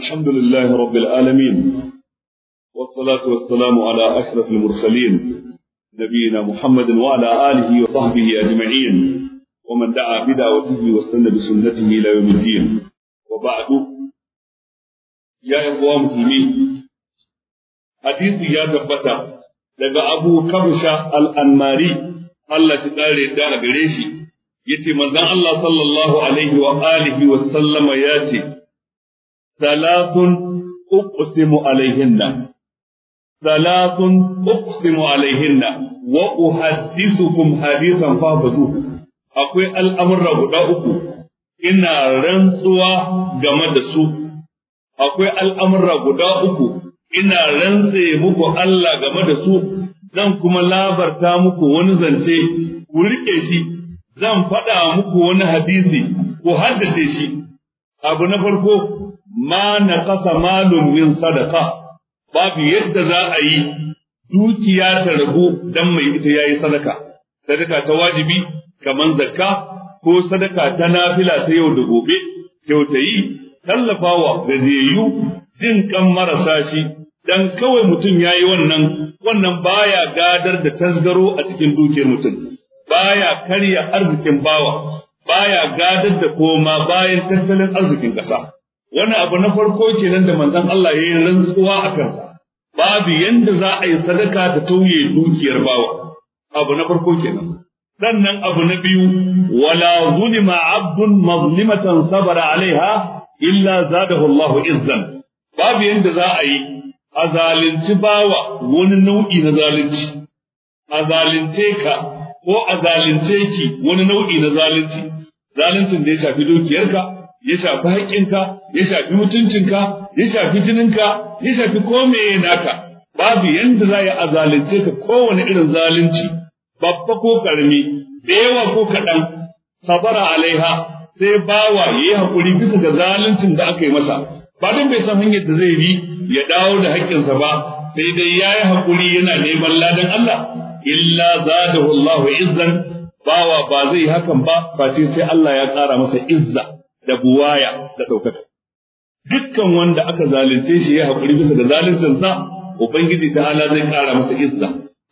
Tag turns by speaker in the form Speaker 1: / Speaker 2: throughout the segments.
Speaker 1: الحمد لله رب العالمين والصلاة والسلام على أشرف المرسلين نبينا محمد وعلى آله وصحبه أجمعين ومن دعا بدعوته واستنى بسنته إلى يوم الدين وبعد يا إخوة المسلمين حديث يا ثبت daga Abu Kabsha al-Anmari Allah shi kare ta gare shi yace manzon Allah sallallahu alaihi wa alihi wa sallama yace thalathun uqsimu alaihinna thalathun uqsimu alaihinna wa uhaddithukum hadithan fahfazuhu akwai al'amurra guda uku ina rantsuwa game da su akwai al'amurra guda uku ina rantse muku Allah game da su zan kuma labarta muku wani zance ku riƙe shi zan faɗa muku wani hadisi ku haddace shi abu na farko ma naqasa malum min sadaqa babu yadda za a yi dukiya ta rabu dan mai ita yayi sadaka sadaka ta wajibi kamar zakka ko sadaka ta nafila ta yau da gobe kyautayi tallafawa gajiyayyu jin kan marasa shi dan kawai mutum yayi wannan wannan baya gadar da tasgaro a cikin dukiyar mutum baya karya arzikin bawa baya gadar da koma bayan tattalin arzikin ƙasa Wani abu na farko kenan da manzon Allah ya yi rantsuwa a kansa. Babu yadda za a yi sadaka ta tauye dukiyar bawa. Abu na farko nan Sannan abu na biyu, wala zulima abdun mazlimatan sabara alaiha illa zadahu Allahu izzan. Babu yadda za a yi a zalunci bawa wani nau'i na zalunci. A zalunce ka ko a zalunce ki wani nau'i na zalunci. Zaluncin da ya shafi dukiyarka, ya shafi haƙƙinka ya shafi mutuncinka ya shafi jininka ya shafi ya naka babu yadda za a zalunce ka kowane irin zalunci babba ko karami da yawa ko kaɗan sabara alaiha sai bawa ya yi haƙuri bisa ga zaluncin da aka yi masa ba don bai san hanyar da zai bi ya dawo da haƙƙinsa ba sai dai ya yi haƙuri yana neman ladan Allah illa za da Allahu izzan bawa ba zai hakan ba face sai Allah ya ƙara masa izza da buwaya da ɗaukaka. Dukkan wanda aka zalunce shi ya haƙuri bisa ga zaluncinsa, Ubangiji ta ala zai ƙara masa izza.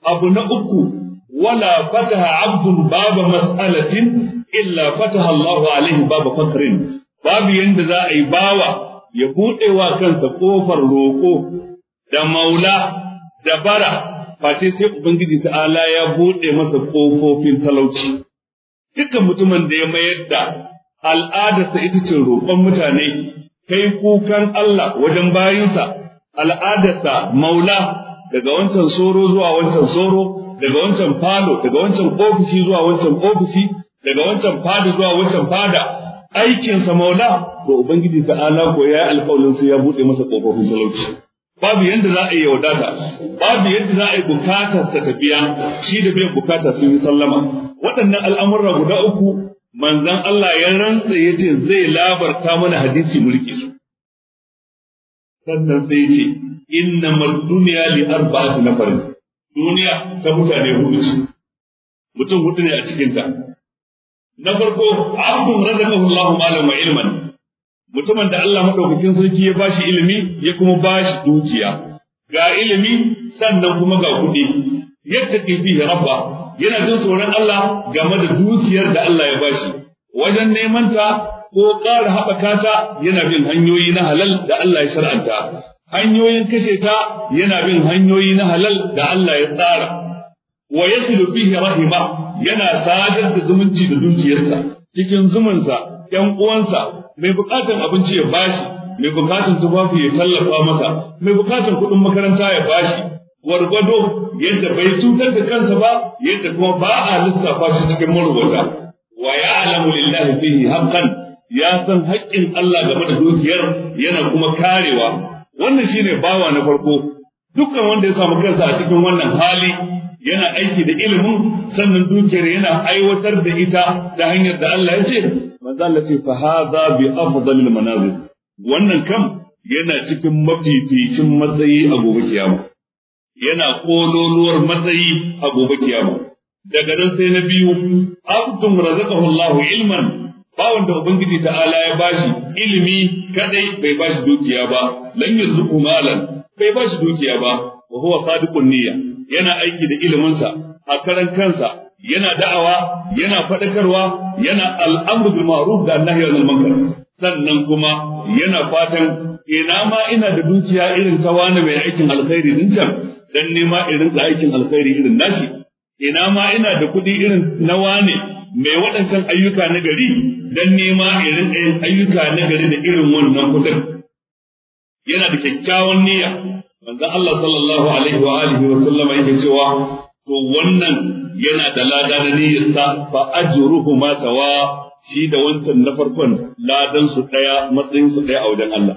Speaker 1: Abu na uku, wala fataha abdun baba mas'alatin illa fataha Allahu alaihi baba fakrin. Babu yadda za a yi bawa ya buɗe wa kansa ƙofar roƙo da maula da bara, face sai Ubangiji ala ya buɗe masa ƙofofin talauci. Dukkan mutumin da ya mayar da al'adarsa ita ce roƙon mutane kai kukan Allah wajen bayinsa al'adarsa maula daga wancan soro zuwa wancan soro daga wancan falo daga wancan ofishi zuwa wancan ofishi daga wancan fada zuwa wancan fada aikinsa maula to ubangiji ta'ala ko ya alƙawarin sai ya buɗe masa ƙofofin talauci babu yadda za a yi wadata babu yadda za a yi bukatar ta tafiya shi da bai bukatar sun yi sallama waɗannan al'amurra guda uku manzan Allah ya rantsa ya ce zai labarta mana hadisi mulki su sannan sai ya ce innamal duniya li arba'ati farin, duniya ta mutane hudu ce mutum hudu ne a cikinta na farko abdun razaqahu Allahu malam wa ilman mutumin da Allah maɗaukakin sarki ya bashi ilimi ya kuma bashi dukiya ga ilimi sannan kuma ga kuɗi Yadda ke fi rabba yana jin tsoron Allah game da dukiyar da Allah ya bashi wajen neman ta ko ƙara haɓaka ta yana bin hanyoyi na halal da Allah ya shar'anta hanyoyin kashe ta yana bin hanyoyi na halal da Allah ya tsara wa yasilu bihi rahima yana sadar da zumunci da dukiyarsa cikin zumunsa 'yan uwansa mai buƙatar abinci ya bashi mai buƙatar tufafi ya tallafa masa mai buƙatar kuɗin makaranta ya bashi gwargwado yadda bai cutar da kansa ba yadda kuma ba a lissafa shi cikin marubuta wa alamu lillahi fihi haqqan ya san haƙƙin Allah game da dukiyar yana kuma karewa wannan shine bawa na farko dukkan wanda ya samu kansa a cikin wannan hali yana aiki da ilimin sannan dukiyar yana aiwatar da ita ta hanyar da Allah ya ce manzo Allah ce fa hadha bi afdalil manazil wannan kam yana cikin mafificin matsayi a gobe kiyama yana kololuwar matsayi a gobe kiyama daga nan sai na biyu abdun razaqahu Allah ilman bawan da ubangiji ta'ala ya bashi ilimi kadai bai bashi dukiya ba lan yuzuku malan bai bashi dukiya ba wa huwa sadiqun niyya yana aiki da iliminsa a karan kansa yana da'awa yana faɗakarwa yana al'amru bil ma'ruf da annahi anil munkar sannan kuma yana fatan ina ma ina da dukiya irin ta mai aikin alkhairi din can dan nema irin aikin alkhairi irin nashi ina ma ina da kuɗi irin na wane mai waɗancan ayyuka na gari dan nema irin ayyuka na gari da irin wannan kuɗin yana da kyakkyawan niyya manzon Allah sallallahu alaihi wa alihi wa sallama yake cewa to wannan yana da lada na niyyarsa fa ajruhu ma sawa shi da wancan na farkon ladan su ɗaya matsayin su daya a wajen Allah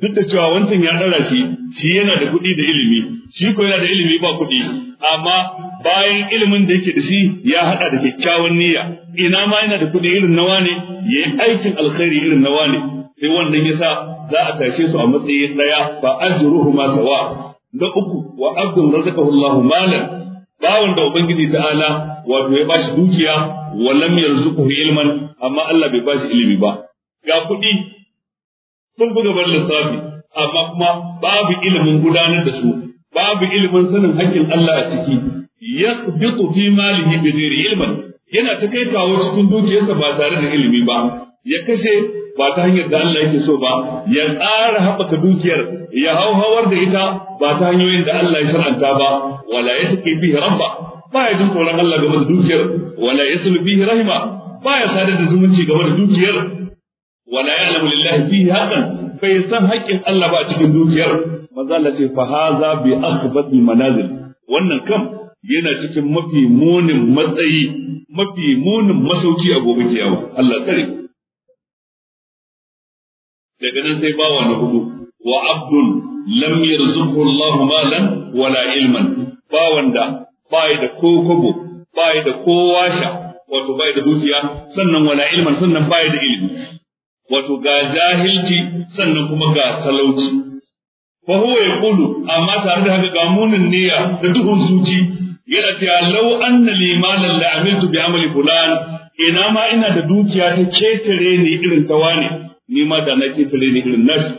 Speaker 1: duk da cewa wancan ya ɗara shi shi yana da kuɗi da ilimi shi ko yana da ilimi ba kuɗi amma bayan ilimin da yake da shi ya haɗa da kyakkyawan niyya ina ma yana da kuɗi irin nawa ne ya yi aikin alkhairi irin nawa ne sai wannan yasa za a tashe su a matsayin ɗaya Ba fa ajruhuma sawa na uku wa abdun razaqahu Allahu malan bawan da Ubangiji ta'ala wato ya bashi dukiya wa lam yarzuquhu ilman amma Allah bai bashi ilimi ba ga kuɗi sun buga ban lissafi amma kuma babu ilimin gudanar da su babu ilimin sanin hakkin Allah a ciki yasbitu fi malihi bi ghairi ilmin yana ta kai kawo cikin dukiyarsa ba tare da ilimi ba ya kashe ba ta hanyar da Allah yake so ba ya tsara haɓaka dukiyar ya hauhawar da ita ba ta hanyoyin da Allah ya shar'anta ba wala yasqi bihi rabba ba ya jin tsoron Allah game da dukiyar wala yaslu bihi rahima ba ya sadar da zumunci game da dukiyar wala ya'lamu lillahi fihi haqqan bai san haƙƙin Allah ba a cikin dukiyar manzo Allah ce fa haza bi akhbasil manazil wannan kam yana cikin mafi munin matsayi mafi munin masauki a gobe kiyama Allah tsare daga nan sai bawa na hudu wa abdun lam yarzuqhu Allah malan wala ilman bawan da bai da ko kokobo bai da ko washa, wato bai da dukiya sannan wala ilman sannan bai da ilimi wato ga jahilci sannan kuma ga talauci fa huwa yaqulu amma tare da haka ga munin niyya da duhun zuci yana cewa law anna li malan la amiltu bi amali fulan ina ma ina da dukiya ta ketare ne irin ta wane ni ma da na ketare ne irin nasu.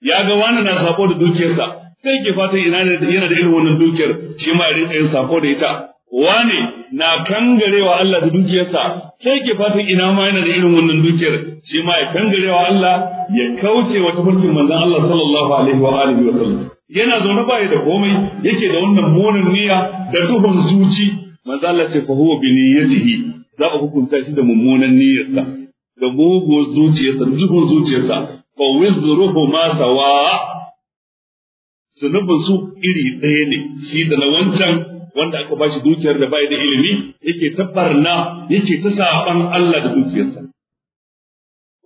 Speaker 1: ya ga wani na sako da dukiyarsa sai ke fatan ina yana da irin wannan dukiyar shi ma ya rinka yin sako da ita wane na kangarewa Allah da dukiyarsa sai ke fatan ina ma yana da irin wannan dukiyar shi ma ya kangarewa Allah ya kauce wa tafarkin manzon Allah sallallahu alaihi wa alihi wa sallam yana zaune baya da komai yake da wannan monin niyya da duhun zuci manzon Allah ce fa huwa bi niyyatihi za ku hukunta shi da mummunan niyyarsa da zuciyarsa duhun zuciyarsa fa wizruhu ma sawa zunubin su iri ɗaya ne shi da na wancan wanda aka ba shi dukiyar da bai da ilimi yake ta barna yake ta saban Allah da dukiyarsa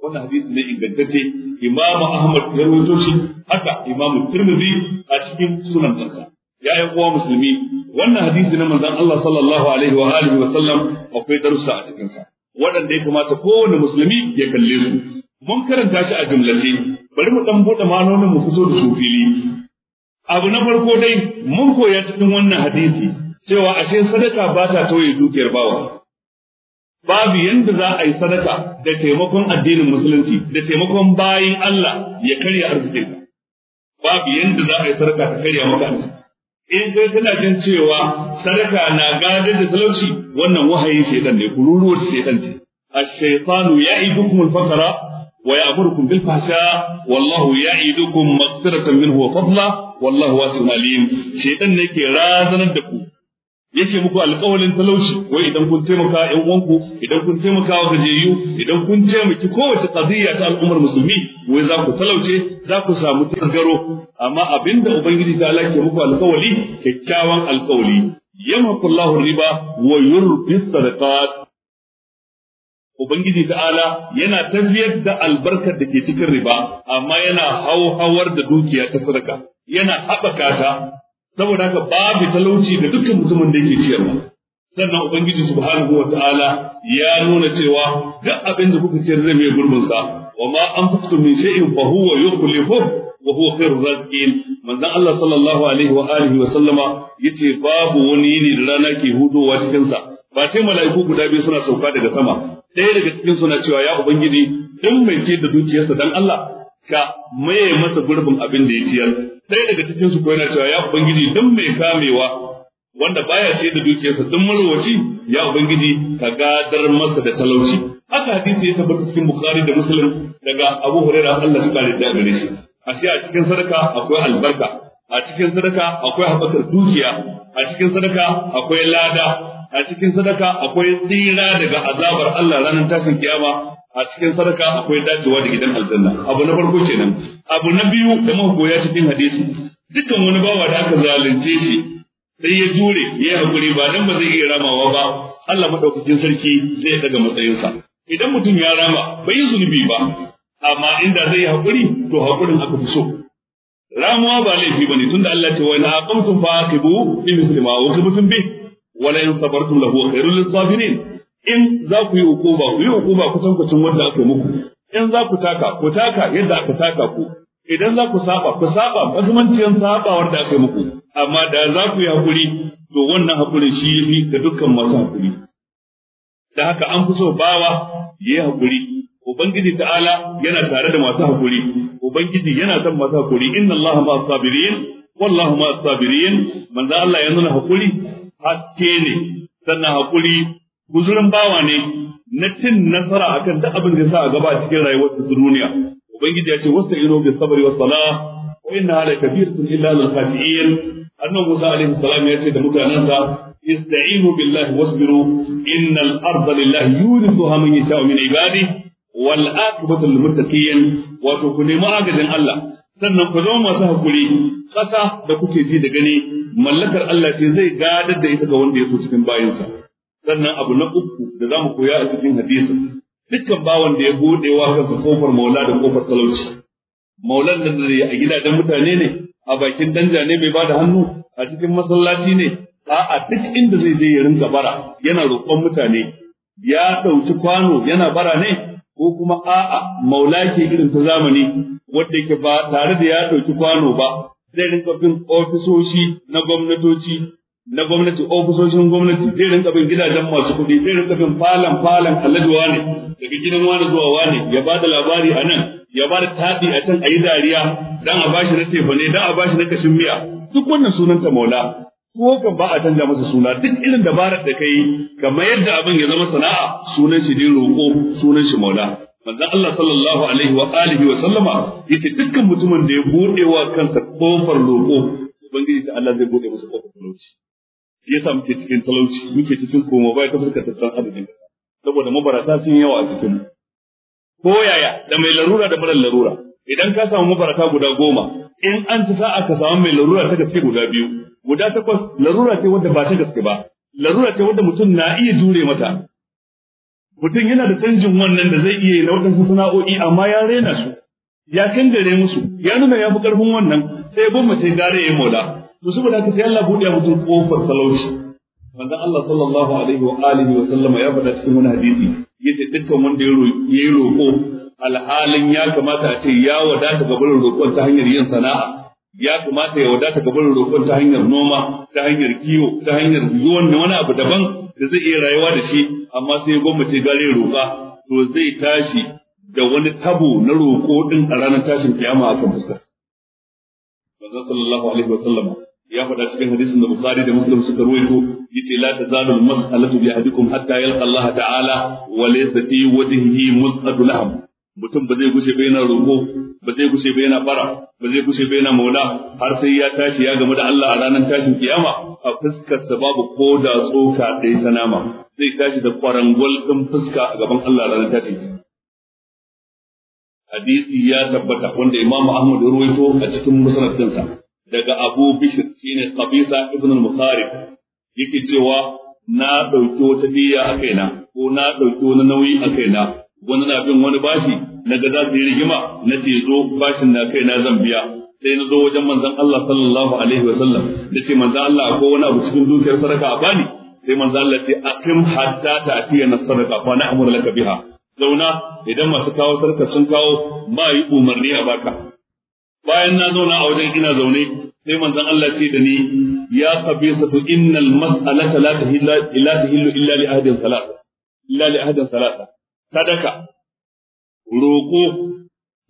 Speaker 1: wannan hadisi ne ingantacce Imam Ahmad ya rawaito shi haka Imam Tirmidhi a cikin sunan kansa ya yi kowa musulmi wannan hadisi na manzon Allah sallallahu alaihi wa alihi wa sallam akwai darussa a cikin sa waɗanda ya kamata kowane musulmi ya kalle su mun karanta shi a jumlace bari mu dan bude manonin mu fito da su fili abu na farko dai mun koya cikin wannan hadisi cewa ashe sadaka ba ta tauye dukiyar bawa babu yanda za a yi sadaka da taimakon addinin musulunci da taimakon bayin Allah ya karya arzikinka babu yanda za a yi sadaka ta karya maka in kai tana jin cewa sadaka na gada da talauci wannan wahayin shedan ne kururuwar shedan ce ash ya ya'idukum al-faqra ويأمركم بالفحشاء والله يعدكم مغفرة منه وفضلا والله واسع عليم شيطان نيكي رازنا دكو yake muku alƙawalin talauci wai idan kun taimaka ƴan uwanku idan kun taimaka wa gajiyayyu idan kun taimaki kowace qadiyya ta al'ummar musulmi wai za ku talauce za ku samu tasgaro amma abinda ubangiji ta ke muku alƙawali kyakkyawan alƙawali yamhaqullahu riba wa yurbi sadaqat Ubangiji ta'ala yana tafiyar da albarkar da ke cikin riba, amma yana hauhawar da dukiya ta sadaka, yana haɓaka ta, saboda haka babu talauci da dukkan mutumin da yake ciyarwa. Sannan Ubangiji subhanahu wa ta'ala ya nuna cewa duk abin da kuka ciyar zai mai gurbinsa, wa ma an fito min shay'in fa huwa yukhlifu wa huwa khairur raziqin. Manzon Allah sallallahu alaihi wa alihi wa sallama yace babu wani yini da rana ke hudowa cikin sa. Ba sai mala'iku guda biyu suna sauka daga sama, ɗaya daga cikin suna cewa ya ubangiji in mai ce da dukiyarsa dan Allah ka maye masa gurbin abin da ya ciyar ɗaya daga cikin su ko cewa ya ubangiji duk mai kamewa wanda baya ce da dukiyarsa don marwaci ya ubangiji ka gadar masa da talauci haka hadisi ya tabbata cikin bukhari da muslim daga abu hurairah Allah shi kare ta gare shi ashe a cikin sadaka akwai albarka a cikin sadaka akwai haɓakar dukiya a cikin sadaka akwai lada a cikin sadaka akwai tsira daga azabar Allah ranar tashin kiyama a cikin sadaka akwai dacewa da gidan aljanna abu na farko kenan abu na biyu da muka goya cikin hadisi dukkan wani bawa da aka zalunce shi sai ya jure ya yi hakuri ba dan ba zai iya ramawa ba Allah madaukakin sarki zai daga matsayinsa idan mutum ya rama bai yi zunubi ba amma inda zai yi hakuri to hakurin aka fi so ramuwa ba laifi bane tunda Allah ce wa na aqamtum fa aqibu bi mithli ma uqibtum bi? wala in sabartum lahu khairul lisabirin in za ku yi hukuma ku yi hukuma kusan kucin wanda aka yi muku in za ku taka ku taka yadda aka taka ku idan za ku saba ku saba makamanci sabawar da aka yi muku amma da za ku yi hakuri to wannan hakurin shi yafi ga dukkan masu hakuri da haka an fi so bawa yayi hakuri Ubangiji ta'ala yana tare da masu hakuri, Ubangiji yana son masu hakuri, inna allaha ma sabirin, wallahu ma sabirin, manzo Allah ya nuna hakuri, haske ne sannan hakuri guzurin bawa ne na cin nasara akan duk abin da sa a gaba cikin rayuwarsa ta duniya ubangiji ya ce wasta ino bi sabri was sala wa inna ala kabiratun illa lil khashiin annabi Musa alaihi salam ya ce da mutanansa ista'inu billahi wasbiru innal arda lillahi yurithuha man yasha'u min ibadi wal aqibatu lil muttaqin wato ku nemi agajin Allah sannan ku zama masu hakuri ƙasa da kuke ji da gani mallakar Allah ce zai gadar da ita ga wanda ya so cikin bayansa sannan abu na uku da zamu koya a cikin hadisin dukkan bawan da ya bude wa kansa kofar maula da kofar talauci maulan nan da yake a gidajen mutane ne a bakin danja ne bai bada hannu a cikin masallaci ne a'a duk inda zai je ya rinka bara yana roƙon mutane ya ɗauki kwano yana bara ne ko kuma a'a maula ke irin ta zamani wanda yake ba tare da ya ɗauki kwano ba zai rinka bin ofisoshi na gwamnatoci na gwamnati ofisoshin gwamnati zai rinka bin gidajen masu kuɗi zai rinka bin falan falan alajuwa ne daga gidan wani zuwa wani ya ba da labari a nan ya ba da taɗi a can a yi dariya dan a bashi na tefa ne dan a bashi na kashin miya duk wannan sunanta maula ko kan ba a canja masa suna duk irin dabarar da kai kamar yadda abin ya zama sana'a sunan shi ne roƙo sunan shi maula manzon Allah sallallahu alaihi wa alihi wa sallama yace dukkan mutumin da ya bude wa kansa kofar loko ubangiji da Allah zai bude masa kofar talauci shi yasa muke cikin talauci muke cikin koma bai ta fuskar tattalin arzikin kasa saboda mabarata sun yawa a cikin ko yaya da mai larura da mara larura idan ka samu mabarata guda goma in an ci sa'a ka samu mai larura ta gaske guda biyu guda takwas larura ce wadda ba ta gaske ba larura ce wadda mutum na iya jure mata mutum yana da canjin wannan da zai iya yi na waɗansu sana'o'i amma ya rena su ya kangare musu ya nuna ya fi ƙarfin wannan sai mace gare ya mola to saboda ka sai Allah buɗe mutu kofar talauci wanda Allah sallallahu alaihi wa alihi wa sallama ya faɗa cikin wani hadisi yace dukkan wanda ya roƙo alhalin ya kamata a ce ya wadata gaban roƙon ta hanyar yin sana'a ya kamata ya wadata ga roƙon ta hanyar noma ta hanyar kiwo ta hanyar zuwan da wani abu daban da zai iya rayuwa da shi amma sai gwamnati gare roƙa to zai tashi da wani tabo na roƙo ɗin a ranar tashin kiyama akan fuskar manzo sallallahu alaihi wa sallam ya faɗa cikin hadisin da Bukhari da Muslim suka ruwaito yace la tazalu mas'alatu bi ahadikum hatta yalqa Allah ta'ala wa laysa fi wajhihi mus'atu laham mutum ba zai gushe ba yana roƙo ba zai gushe yana bara ba zai kushe bai na maula har sai ya tashi ya gamu da Allah a ranar tashin kiyama a fuskarsa babu ko da tsoka ɗaya ta nama zai tashi da kwarangwal ɗin fuska a gaban Allah ranar tashin hadisi ya tabbata wanda imamu Ahmad ya ruwaito a cikin musnad daga Abu bishir shine Qabisa ibn al-Mukharib yake cewa na ɗauki wata diya a kaina ko na ɗauki wani nauyi a kaina wani na bin wani bashi na ga za su yi rigima na ce zo bashin na kai na zan biya sai na zo wajen manzon Allah sallallahu alaihi wasallam da ce manzon Allah akwai wani abu cikin dukiyar sadaka a bani sai manzon Allah ce akim hatta ta'tiya na sadaka fa na amuru laka biha zauna idan masu kawo sadaka sun kawo ba yi umarni a baka bayan na zauna a wajen ina zaune sai manzon Allah ce da ni ya qabisatu innal mas'alata la tahillu illa li ahdin salata illa li ahdin salata sadaka roƙo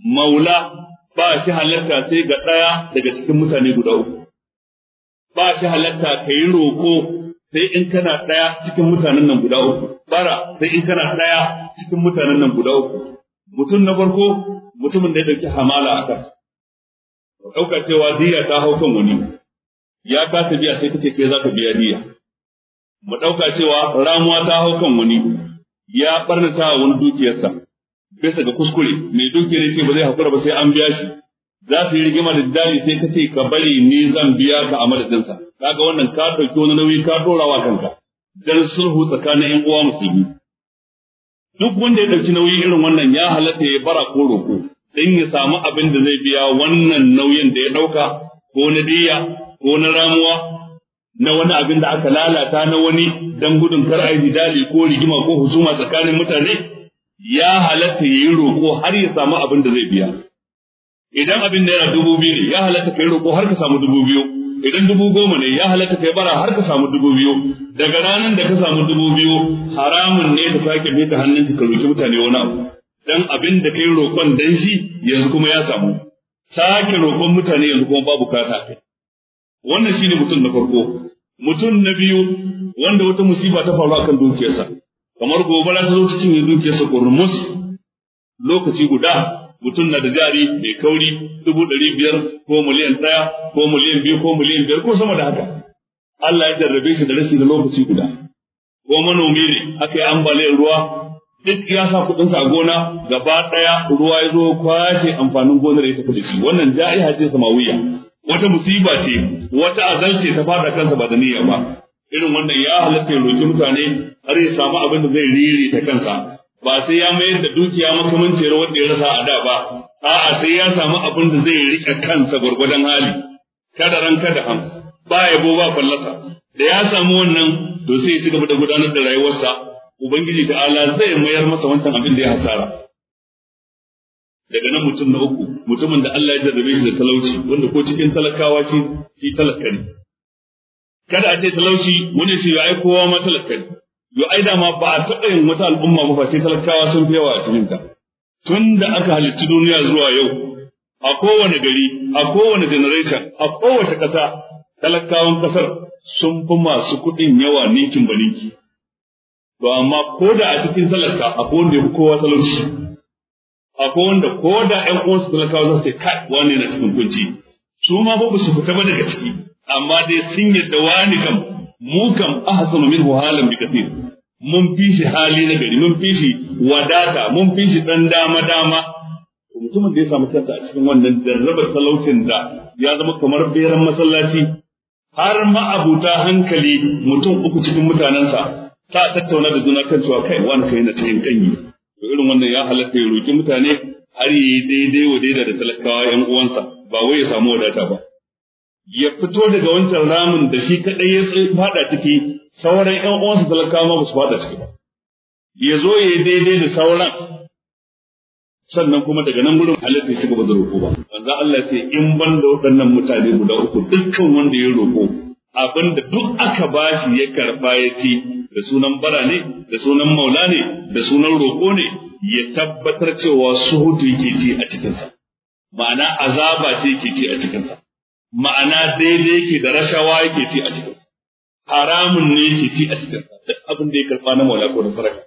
Speaker 1: maula ba shi halatta sai ga ɗaya daga cikin mutane guda uku ba shi halatta ka yi roƙo sai in kana ɗaya cikin mutanen nan guda uku bara sai in kana ɗaya cikin mutanen nan guda uku mutum na farko mutumin da ya ɗauki hamala a kansa ɗauka cewa diya ta hau kan wani ya kasa biya sai kace ke za ka biya diya mu ɗauka cewa ramuwa ta hau kan wani ya ɓarnata wani dukiyarsa bisa ga kuskure mai dukiya ne ce ba zai hakura ba sai an biya shi za su yi rigima da dali sai ka ce ka bari ni zan biya ka a madadinsa kaga wannan ka ɗauki wani nauyi ka ɗora kanka dan sulhu tsakanin ƴan uwa musulmi duk wanda ya ɗauki nauyi irin wannan ya halatta ya bara ko roƙo dan ya samu abin da zai biya wannan nauyin da ya ɗauka ko na diya ko na ramuwa na wani abin da aka lalata na wani dan gudun kar a yi ko rigima ko husuma tsakanin mutane ya halatta ya yi roƙo har ya samu abin da zai biya. Idan abin yana dubu biyu ne, ya halatta ka yi roƙo har ka samu dubu biyu. Idan dubu goma ne, ya halatta ka yi bara har ka samu dubu biyu. Daga ranar da ka samu dubu biyu, haramun ne ka sake mita hannunka ka roƙi mutane wani abu. Dan abin da ka yi roƙon dan shi yanzu kuma ya samu. Sake roƙon mutane yanzu kuma babu kata kai. Wannan shine mutum na farko. Mutum na biyu wanda wata musiba ta faru akan dukiyarsa. kamar gobara ta zo ta cinye dukiyarsa kurmus lokaci guda mutum na da jari mai kauri dubu ɗari biyar ko miliyan ɗaya ko miliyan biyu ko miliyan biyar ko sama da haka Allah ya jarrabe shi da rashi da lokaci guda ko manomi ne aka yi ambaliyar ruwa duk ya sa kuɗinsa a gona gaba ɗaya ruwa ya zo kwashe amfanin gonar ya tafi da shi wannan ja'i hajjin samawiya wata musiba ce wata azal ce ta fara kansa ba da niyya ba irin wannan ya halatta ya roki mutane har ya samu abin da zai riri ta kansa ba sai ya mayar da dukiya makamanciyar wanda ya rasa a da ba a'a sai ya samu abin da zai riƙe kansa gwargwadon hali kada ran kada ham ba yabo ba fallasa da ya samu wannan to sai ya ci gaba da gudanar da rayuwarsa ubangiji ta'ala zai mayar masa wancan abin da ya hasara daga nan mutum na uku mutumin da Allah ya jarrabe shi da talauci wanda ko cikin talakawa shi shi talaka ne kada a ce talauci wani ce ai kowa ma talaka ne yo ai dama ba a taɓa yin wata al'umma ba ce talakawa sun fi yawa a cikin ta tun da aka halicci duniya zuwa yau a kowane gari a kowane generation a kowace ƙasa talakawan ƙasar sun fi masu kuɗin yawa ninkin ba ninki to amma ko da a cikin talaka a wanda ya kowa talauci akwai wanda ko da ƴan uwansu talakawa za su ce kai wani na cikin kunci su ma ba su fita ba daga ciki amma dai sun yadda wani kam mu kam ahsanu minhu halan bi kathir mun fi shi hali na gari mun fi shi wadata mun fi shi dan dama dama mutumin da ya samu kansa a cikin wannan jarrabar talaucin da ya zama kamar beran masallaci har ma abuta hankali mutum uku cikin mutanensa ta tattauna da juna kan cewa kai wani kai na cikin kanyi irin wannan ya halatta ya roki mutane har yi daidai wa daidai da talakawa yan uwansa ba wai ya samu wadata ba ya fito daga wancan ramin da shi kadai ya faɗa ciki sauran ƴan uwansa talakawa ba su fada ciki ba ya zo ya daidai da sauran sannan kuma daga nan gurin halitta ya ci gaba da roƙo ba manzo Allah ce in ban da waɗannan mutane guda uku dukkan wanda ya roƙo da duk aka ba shi ya karɓa ya ci da sunan bara ne da sunan maula ne da sunan roƙo ne ya tabbatar cewa suhutu yake ci a cikinsa ma'ana azaba ce yake ci a cikinsa ma'ana daidai yake da rashawa yake ci a cikin haramun ne yake ci a cikin sa duk abin da ya karba na maula ko na saraka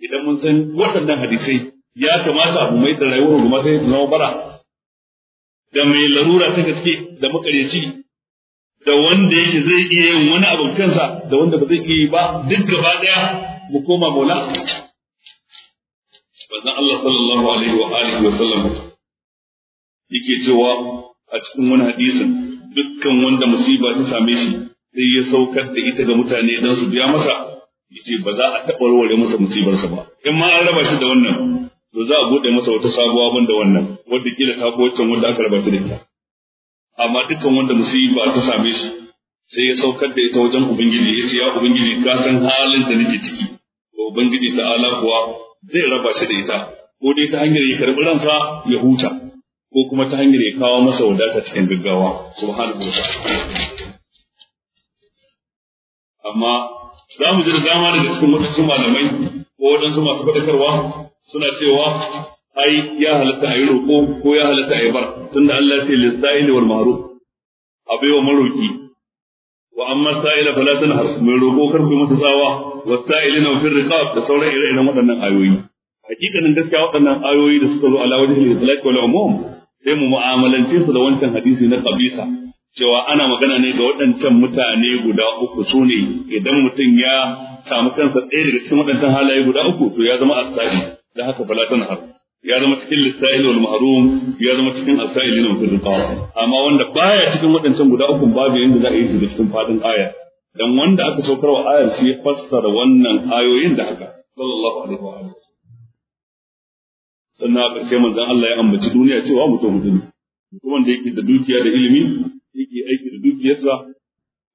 Speaker 1: idan mun san waɗannan hadisai ya kamata abu mai da rayuwar mu sai ta zama bara da mai larura ta gaske da makareci da wanda yake zai iya yin wani abin kansa da wanda ba zai iya yi ba duk gaba daya mu koma maula wannan Allah sallallahu alaihi wa alihi wa sallam yake cewa a cikin wani hadisin dukkan wanda musiba ta same shi sai ya saukar da ita ga mutane don su biya masa ya ce ba za a taɓa warware masa musibarsa ba in ma an raba shi da wannan to za a buɗe masa wata sabuwa ban da wannan wanda kila ta ko wancan wanda aka raba shi da ita amma dukkan wanda musiba ta same shi sai ya saukar da ita wajen ubangiji yace ya ubangiji ka san halin da nake ciki to ubangiji ta'ala kuwa zai raba shi da ita ko dai ta hanyar ya karbi ransa ya huta ko kuma ta hanyar ya kawo masa wadata cikin gaggawa subhanahu wa ta'ala amma za mu ji da dama daga cikin wadansu malamai ko wadansu masu faɗakarwa suna cewa ai ya halatta a yi roƙo ko ya halatta a yi bar tunda Allah ce lissa'ili wal ma'ruf a baiwa maroƙi, wa amma sa'ila fala tanhar mai roƙo kar ku masa tsawa wa sa'ilina fi riqab da sauran ire-iren waɗannan ayoyi hakikanin gaskiya waɗannan ayoyi da suka zo ala wajhil islaq wal umum sai mu mu'amalance su da wancan hadisi na kabisa cewa ana magana ne ga waɗancan mutane guda uku su ne idan mutum ya samu kansa ɗaya daga cikin waɗancan halaye guda uku to ya zama asali da haka bala ta har ya zama cikin lissa'il wal mahrum ya zama cikin asali lil firqa amma wanda baya cikin waɗancan guda uku babu yanda za a yi shi cikin fadin aya dan wanda aka saukarwa ayar shi ya fassara wannan ayoyin da haka sallallahu alaihi wa sallam sannan a ƙarshe manzan Allah ya ambaci duniya cewa mutum hudu ne yake da dukiya da ilimi yake aiki da dukiyarsa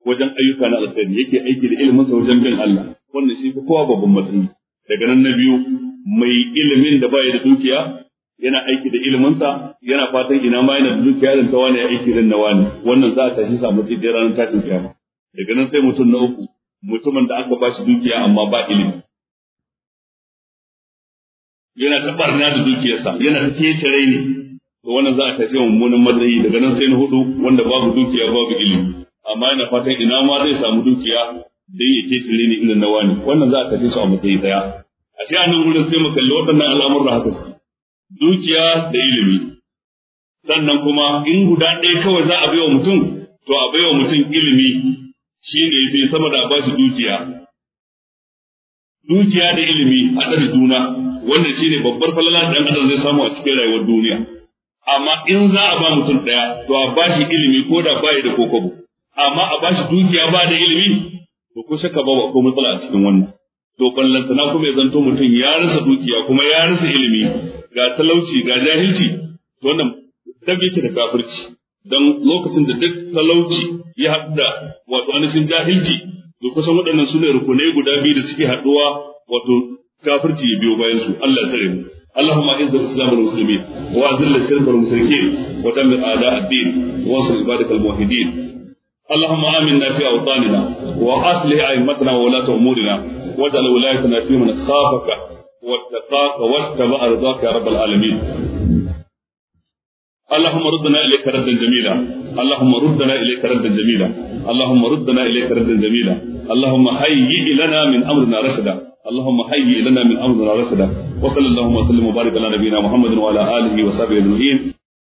Speaker 1: wajen ayyuka na alkhairi yake aiki da iliminsa wajen bin Allah wannan shi kowa babban matsayi daga nan na biyu mai ilimin da baya da dukiya yana aiki da iliminsa yana fatan ina ma yana da dukiya da ta wani aiki da na wani wannan za a tashi sa matsayi da ranar tashin kiyama daga nan sai mutum na uku mutumin da aka bashi dukiya amma ba ilimi yana ta barna da dukiyarsa yana ta kece ne to wannan za a tashi mummunan matsayi daga nan sai na hudu wanda babu dukiya babu ilimi amma yana fatan ina ma zai samu dukiya dan ya kece ne inda na wani wannan za a tashi su a matsayi daya a sai nan gurin sai mu kalli waɗannan al'amuran haka dukiya da ilimi sannan kuma in guda ɗaya kawai za a baiwa mutum to a baiwa mutum ilimi shi ne ya fi sama da ba shi dukiya dukiya da ilimi haɗa da juna wannan shine babbar falala da ɗan adam zai samu a cikin rayuwar duniya amma in za a ba mutum ɗaya, to a ba shi ilimi ko da ba da kokobo amma a ba shi dukiya ba da ilimi to ko shakka ba ko matsala a cikin wannan to ballantana kuma ya zanto mutum ya rasa dukiya kuma ya rasa ilimi ga talauci ga jahilci to wannan dab yake da kafirci dan lokacin da duk talauci ya haɗu da wato anishin jahilci to kusan waɗannan su ne rukunai guda biyu da suke haɗuwa wato kafirci ya biyo bayan su Allah tsare mu اللهم اعز الاسلام والمسلمين واذل الشرك والمشركين ودمر اعداء الدين وانصر عبادك الموحدين اللهم امنا في اوطاننا واصلح ائمتنا وولاة امورنا واجعل ولايتنا في من خافك واتقاك واتبع رضاك يا رب العالمين اللهم ردنا اليك ردا جميلا اللهم ردنا اليك ردا جميلا اللهم ردنا اليك ردا جميلا اللهم هيئ لنا من امرنا رشدا اللهم هيئ لنا من امرنا رشدا وصلى اللهم وسلم وبارك على نبينا محمد وعلى اله وصحبه اجمعين